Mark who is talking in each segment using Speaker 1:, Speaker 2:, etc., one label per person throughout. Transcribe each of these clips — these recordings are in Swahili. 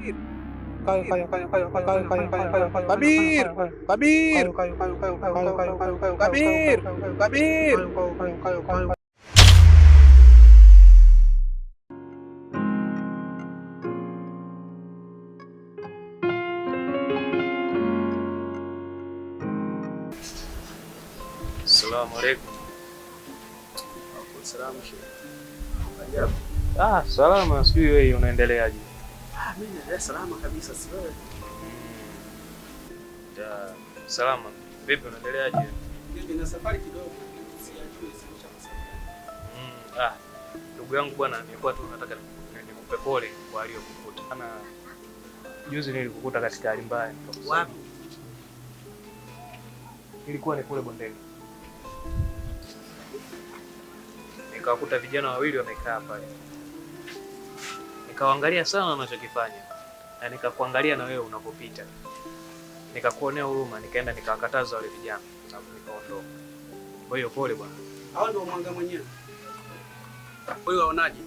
Speaker 1: kayu, kayu, kayu, kayu, kayu, Assalamualaikum. Waalaikumsalam. Ah, salama. Sijui unaendeleaje?
Speaker 2: salama kabisa, si wewe?
Speaker 1: Da, hmm. salama. Vipi unaendeleaje?
Speaker 2: Mimi na safari kidogo, sijajui
Speaker 1: hmm, Ah, ndugu yangu bwana, nilikuwa tu nataka nikupe pole kwa aliyokukuta. Ana juzi nilikukuta katika hali mbaya. Wapi? Ilikuwa ni kule bondeni. Nikakuta vijana wawili wamekaa pale nikawaangalia sana wanachokifanya na nikakuangalia na wewe unapopita, nikakuonea huruma, nikaenda nikawakataza wale vijana alafu nikaondoka. Kwa hiyo pole bwana.
Speaker 2: Hao ndio mwanga mwenyewe. Wewe waonaje?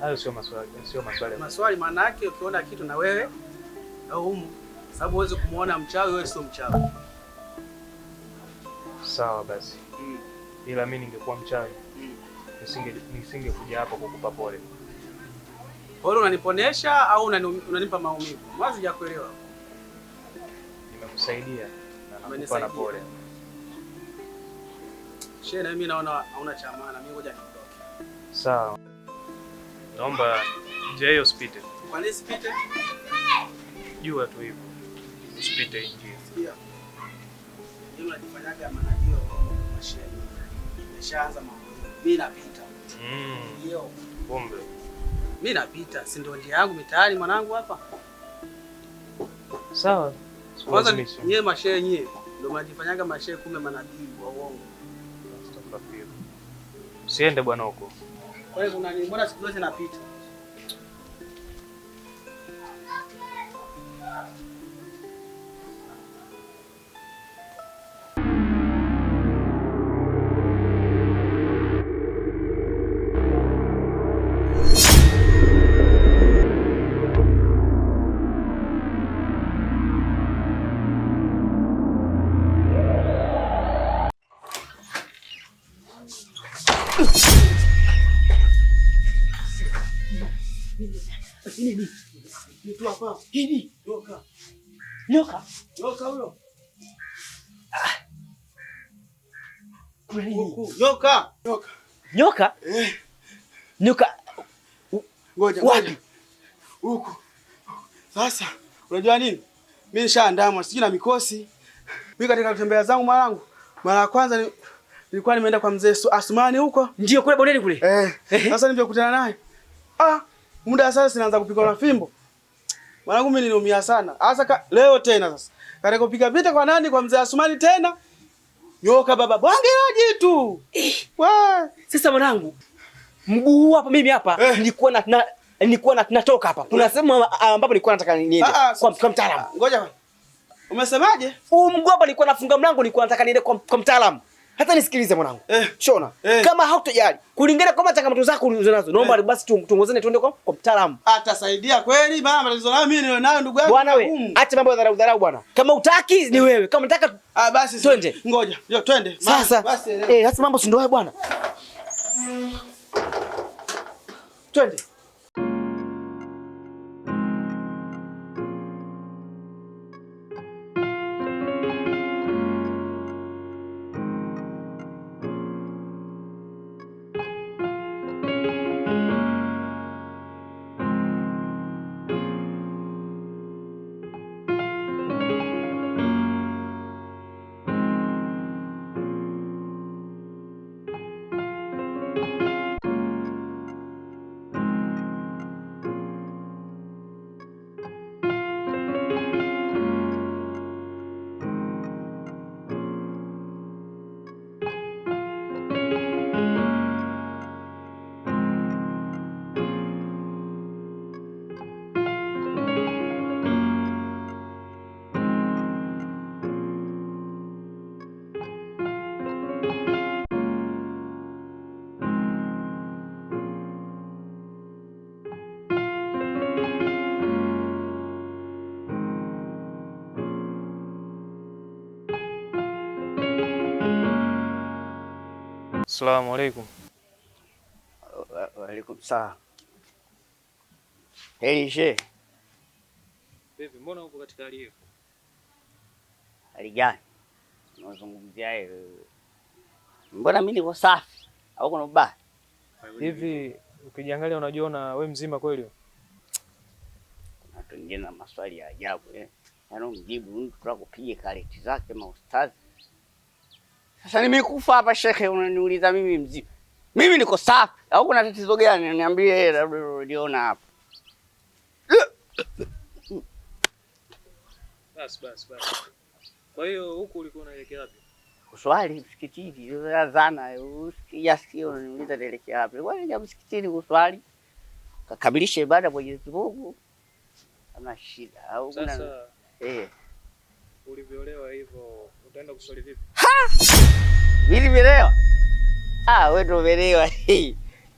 Speaker 1: Hayo sio maswali, sio maswali.
Speaker 2: Maswali maana yake ukiona kitu na wewe au umu, sababu uweze kumuona mchawi, wewe sio mchawi.
Speaker 1: Sawa basi. Mm. Ila mimi ningekuwa mchawi nisingekuja nisinge hapo kukupa pole.
Speaker 2: Kwa hiyo unaniponesha au unanipa maumivu? Mimi sijakuelewa.
Speaker 1: Nimekusaidia na nakupa na pole.
Speaker 2: Shehe, na mimi naona hauna cha maana. Mimi ngoja niondoke.
Speaker 1: Sawa. Naomba je, hiyo spite. Kwa nini spite? Jua tu hivyo. Spite hii Sikia.
Speaker 2: Mimi najifanyaga maana hiyo. Shehe. Nimeshaanza mambo. Mimi na
Speaker 1: Mm. Kumbe.
Speaker 2: Mimi napita, si ndio njia yangu mitaani mwanangu hapa. Sawa. Kwanza nyie mashehe nyie ndio mnajifanyaga mashehe kumbe manabii wa uongo.
Speaker 1: Usiende bwana huko.
Speaker 2: Kwa hiyo kuna nini? Mbona siku zote napita? Nyoka. Nyoka? Nyoka.
Speaker 3: Ngoja, ngoja. Huku. Sasa unajua nini? Mimi nishaandamwa, sijui na mikosi. Mimi katika kutembea zangu mwanangu, mara ya kwanza ni nilikuwa nimeenda kwa mzee Asumani ah, huko,
Speaker 2: ndio kule bondeni kule. Eh,
Speaker 3: eh. sasa nilipokutana naye ah, muda sasa sinaanza kupigwa na fimbo mwanangu, mimi niliumia sana Sasa leo tena. Sasa kale kupiga vita kwa nani? Kwa mzee Asumani tena, nyoka baba bwange la jitu Eh.
Speaker 2: Wa. Sasa mwanangu, mguu hapa mimi hapa eh, nilikuwa na, na nilikuwa na, natoka hapa kuna eh. sehemu ambapo nilikuwa nataka niende ah, ah, kwa, kwa mtaalamu.
Speaker 3: Ngoja, umesemaje?
Speaker 2: Huu mguu hapa nilikuwa nafunga mlango, nilikuwa nataka niende kwa, kwa mtaalamu hata nisikilize mwanangu eh. Shona eh. Kama hautojali kulingana kwamba changamoto zako ulizonazo, naomba eh. Basi tuongozane tuende kwa kwa mtaalamu,
Speaker 3: atasaidia kweli. Mama tatizo langu mimi nilio nayo ndugu yangu
Speaker 2: bwana, wewe acha mambo ya dharau dharau bwana. Kama utaki ni wewe, kama unataka ah, basi twende,
Speaker 3: ngoja ndio twende
Speaker 2: sasa. Basi eh, sasa mambo si ndio bwana, twende
Speaker 1: Assalamu alaikum.
Speaker 4: Waalaikum salam. Heri she.
Speaker 1: Vipi, mbona uko katika hali hiyo?
Speaker 4: Hali gani? Unazungumzia hiyo. Mbona mimi niko safi? Au kuna ubaya?
Speaker 1: Hivi ukijiangalia unajiona we mzima kweli?
Speaker 4: Watu wengine na maswali ya ajabu eh. Yaani mjibu mtu tutakupige kareti zake maustadhi sasa nimekufa hapa shekhe, unaniuliza mimi mzima? Mimi niko safi au kuna tatizo gani? Niambie eh, uliona hapa.
Speaker 1: Bas bas bas. Kwa hiyo huku ulikuwa unaelekea wapi?
Speaker 4: Kuswali msikitini. Zana yasio unaniuliza naelekea wapi? Kwa nini msikitini kuswali? Kakamilisha ibada kwa Mwenyezi Mungu. Kama shida au kuna sasa, eh,
Speaker 1: ulivyolewa hivyo Utaenda kuswali vipi?
Speaker 4: Mimi nimelewa. Ah, wewe ndio umelewa.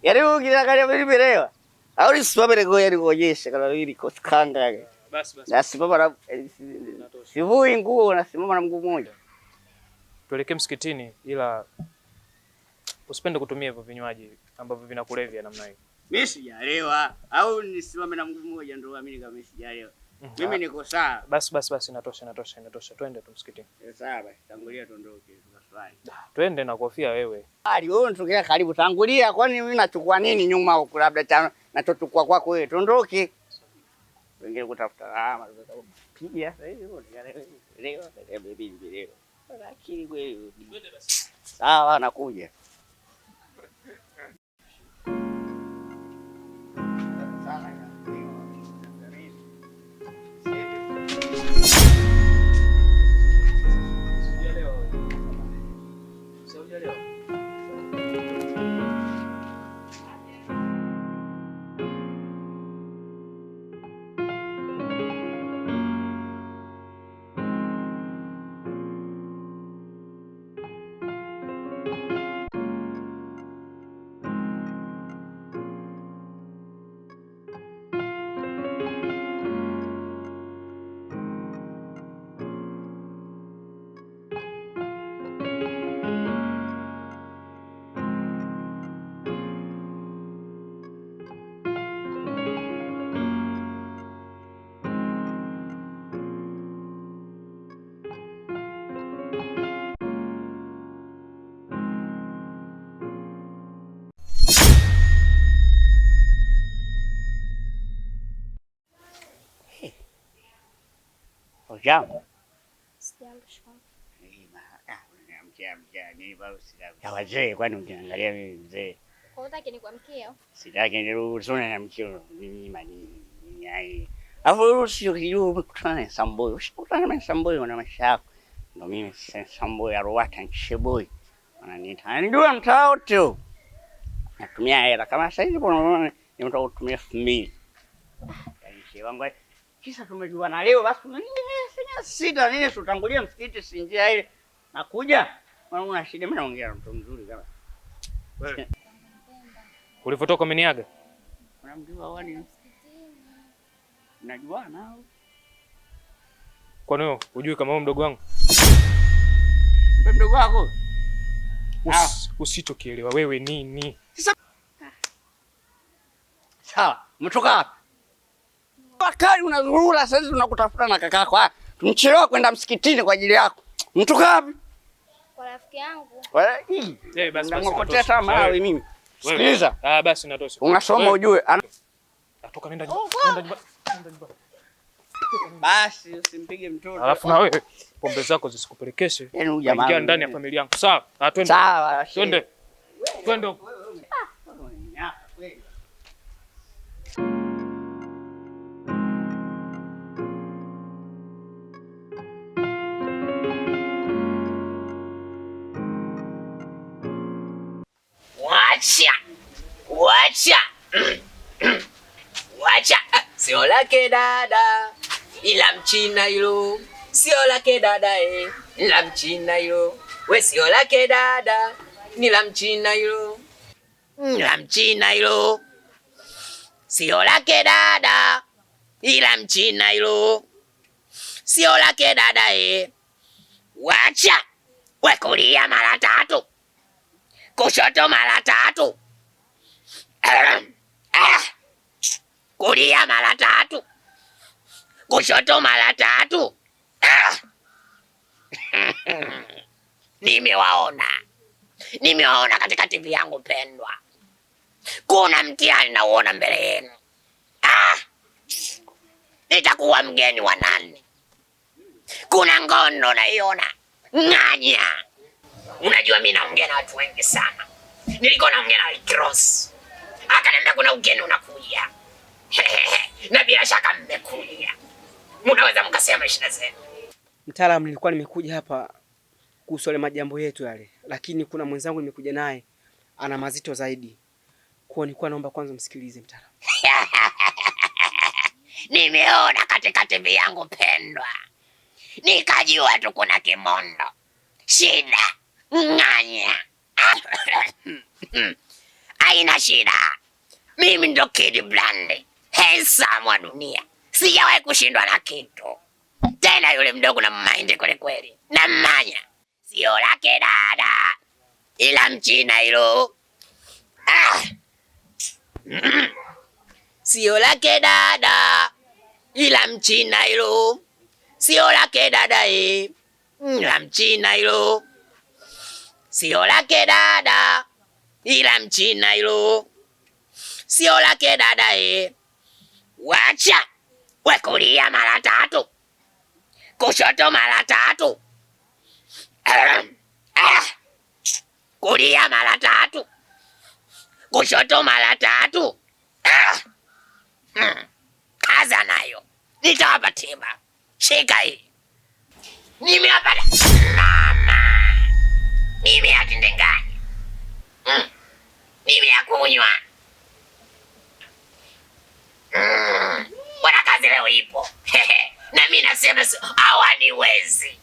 Speaker 4: Yaani wewe ukitaka mimi nimelewa. Au nisimame ngoja nikuonyeshe kama mimi niko kanga. Basi basi. Nasimama na sivui nguo nasimama na mguu mmoja.
Speaker 1: Tuelekee msikitini ila usipende kutumia hivyo vinywaji ambavyo vinakulevya namna hiyo.
Speaker 4: Mimi sijalewa. Au nisimame na mguu mmoja ndio uamini kama mimi mimi niko sawa.
Speaker 1: Basi basi basi, inatosha inatosha inatosha, twende tu msikitini.
Speaker 4: Sawa basi, tangulia tuondoke tukafurahi.
Speaker 1: Twende na kofia wewe.
Speaker 4: Ali wewe unatokea karibu, tangulia. Kwani mimi nachukua nini nyuma huko, labda cha nachochukua kwako wewe, tuondoke. Wengine kutafuta rama, piga sasa hivi, leo leo leo. sawa nakuja. Hocam. Ya wazee, kwani mkiniangalia mimi mzee? Sitaki nirusune na mkio Alafu sio kijua umekutana na Samboy. Ushakutana na Samboy na maisha yako. Ndio mimi Samboy Arwata Nsheboy. Ananiita. Ndio mtaa wote. Natumia hela kama sasa hivi kuna nimetoka kutumia 2000. Yaani wangu kisa na leo, basi sina sita nini, tutangulia msikiti, si njia ile. Nakuja mwanangu, na shida. Mimi naongea na mtu mzuri kama wewe.
Speaker 1: ulivotoka umeniaga,
Speaker 4: unamjua wani, nao
Speaker 1: kwa nini hujui kama wewe mdogo wangu? Mdogo wako ah. usitokielewa wewe nini? Sasa ah.
Speaker 4: sawa, mtoka wapi? mpakani kali unazurura sasa, tunakutafuta na kakako. Ah, tumchelewa kwenda msikitini kwa ajili yako. Mtu kapi?
Speaker 5: Kwa rafiki yangu.
Speaker 4: Wewe eh, eh, basi nakotea sana mawe mimi. Sikiliza.
Speaker 1: Ah, basi natosha.
Speaker 4: Unasoma ujue.
Speaker 1: Natoka nenda nyumbani. Nenda nyumbani. Nenda
Speaker 4: Basi usimpige mtoto.
Speaker 1: Alafu na wewe pombe zako zisikupelekeshe. Yaani jamaa. Ingia ndani ya familia yangu. Sawa. Ah, twende. Sawa. Twende. Twende. Ah,
Speaker 4: Wacha wacha wacha, sio lake dada, ila mchina hilo. Sio lake dada eh, ila mchina hilo. We sio lake dada, ni la mchina hilo, la mchina hilo. Sio lake dada, ila mchina hilo. Sio lake dada eh, wacha wekulia mara tatu kushoto mara tatu, kulia mara tatu, kushoto mara tatu. Nimewaona, nimewaona katika TV yangu pendwa, kuna mtihani nauona mbele yenu. Nitakuwa mgeni wa nani? Kuna ngono naiona ng'anya Unajua mimi naongea na watu wengi sana. Nilikuwa naongea na Cross. Akaniambia kuna ugeni unakuja. Na bila shaka mmekuja. Mnaweza mkasema shida zenu.
Speaker 1: Mtaalamu, nilikuwa nimekuja hapa kuhusu yale majambo yetu yale, lakini kuna mwenzangu nimekuja naye ana mazito zaidi. Kwa nilikuwa naomba kwanza msikilize mtaalamu.
Speaker 4: Nimeona katika TV yangu pendwa, nikajua tu kuna kimondo shida Ng'anya. shida. Mimi ndo Kid Blande. Handsome wa dunia. Sijawahi kushindwa na kitu. Tena yule mdogo na mmaindi kweli kweli. Na mmanya. Sio lake dada. Ila mchina hilo. Ah. Sio lake dada. Ila mchina hilo. Sio lake dada eh. La mchina hilo sio lake dada, ila mchina hilo sio lake dada e. Wacha we kulia mara tatu kushoto mara tatu ah, kulia mara tatu kushoto mara tatu. Ah, hmm. Kaza nayo nitawapa tiba. Shika hii mama mimi tindenganya, mm. Nivea kunywa mm. kazi leo ipo na mimi nasema hawani wezi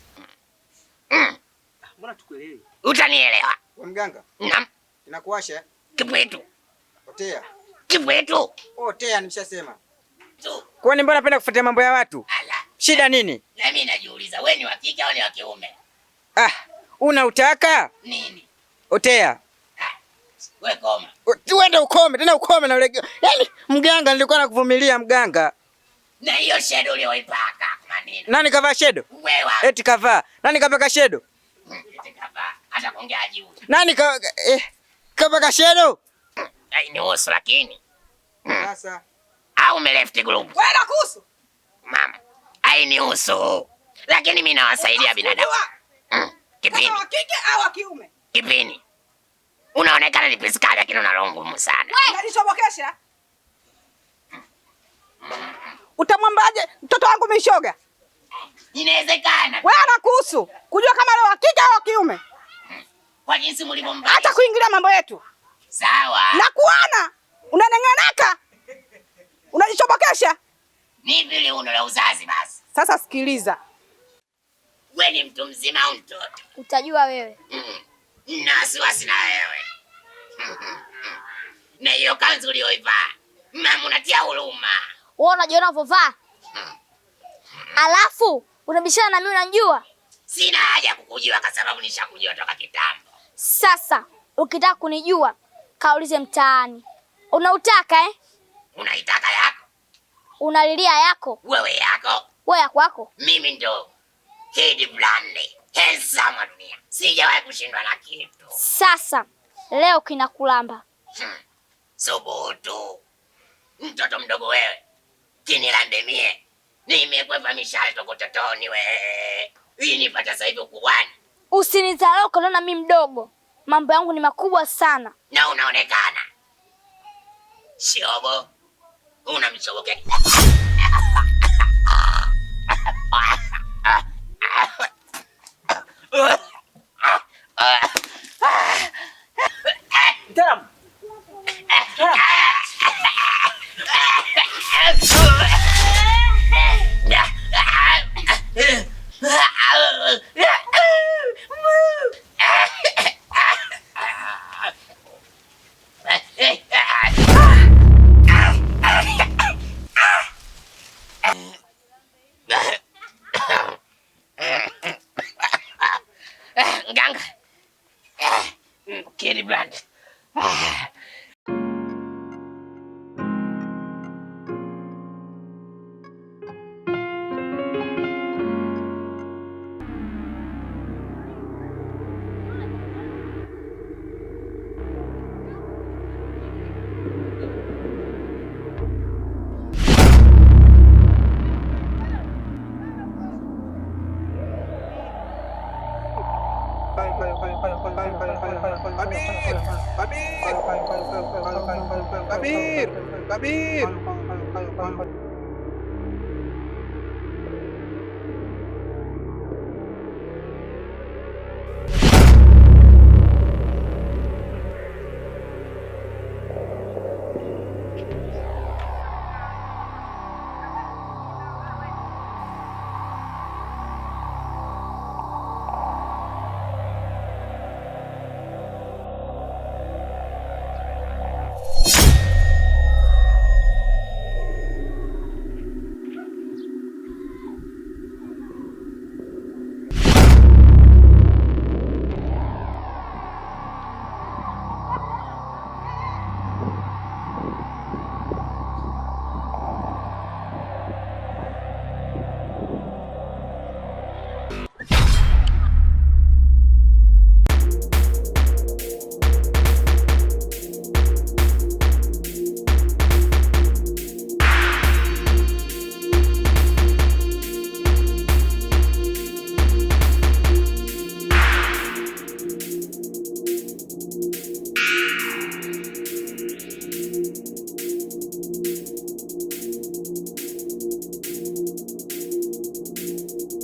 Speaker 1: mm. Mbona tukuelewi?
Speaker 4: Utanielewa mganga? Naam. Inakuasha eh? kibwetu. Otea. Kibwetu.
Speaker 1: Otea nimeshasema. Kwani mbona napenda kufuatia mambo ya watu? Ala. Shida nini?
Speaker 4: Na mimi najiuliza we ni wa kike au ni wa kiume?
Speaker 1: Ah unautaka nini? Otea
Speaker 4: ah,
Speaker 1: uende ukome tena, ukome na ulege. Yaani mganga, nilikuwa nakuvumilia mganga.
Speaker 4: Na hiyo shedo uliyoipaka maneno,
Speaker 1: nani kavaa shedo? Wewe eti kavaa nani? Kapaka shedo
Speaker 4: hmm, eti kavaa hata kuongea juu
Speaker 1: nani ka, eh, kapaka shedo
Speaker 4: ai ni oso, lakini hmm. sasa au umeleft group
Speaker 1: wewe na kuhusu
Speaker 4: mama ai ni oso, lakini mimi nawasaidia binadamu. Hmm. Kipini. Wa
Speaker 1: kike au wa kiume?
Speaker 4: Kipini. Unaonekana ni pisikali lakini una roho ngumu sana.
Speaker 1: Unanishobokesha? Utamwambaje mtoto wangu mishoga?
Speaker 4: Inawezekana.
Speaker 1: Wewe anakuhusu kujua kama leo wa kike au wa kiume?
Speaker 4: Kwa jinsi mlivyombana.
Speaker 1: Hata kuingilia mambo yetu.
Speaker 4: Sawa.
Speaker 1: Na kuona unanenganaka. Unajishobokesha.
Speaker 4: Ni vile uno la uzazi basi.
Speaker 1: Sasa sikiliza
Speaker 4: we ni mtu mzima au mtoto?
Speaker 5: Utajua wewe. Mm.
Speaker 4: Nina wasiwasi na wewe na hiyo kanzu uliyoivaa, mama, unatia huruma.
Speaker 5: Wewe unajiona unavyovaa, mm. alafu unabishana na mimi, unanijua.
Speaker 4: Sina haja kukujua kwa sababu nishakujua toka kitambo.
Speaker 5: Sasa ukitaka kunijua, kaulize mtaani. Unautaka eh?
Speaker 4: Unaitaka yako,
Speaker 5: unalilia yako,
Speaker 4: wewe yako,
Speaker 5: wewe yako yako,
Speaker 4: mimi ndo Kid Blande, handsome wa sijawahi kushindwa na kitu.
Speaker 5: Sasa leo kinakulamba. Hmm.
Speaker 4: Subutu mtoto mdogo wewe, kinilandemie nimekwepa mishale toko totoni wewe, hii nipata sasa hivi ukuwani.
Speaker 5: Usinizarau kuniona mimi mdogo, mambo yangu ni makubwa sana
Speaker 4: na unaonekana shobo, una mchoboke Damn! ครับพี่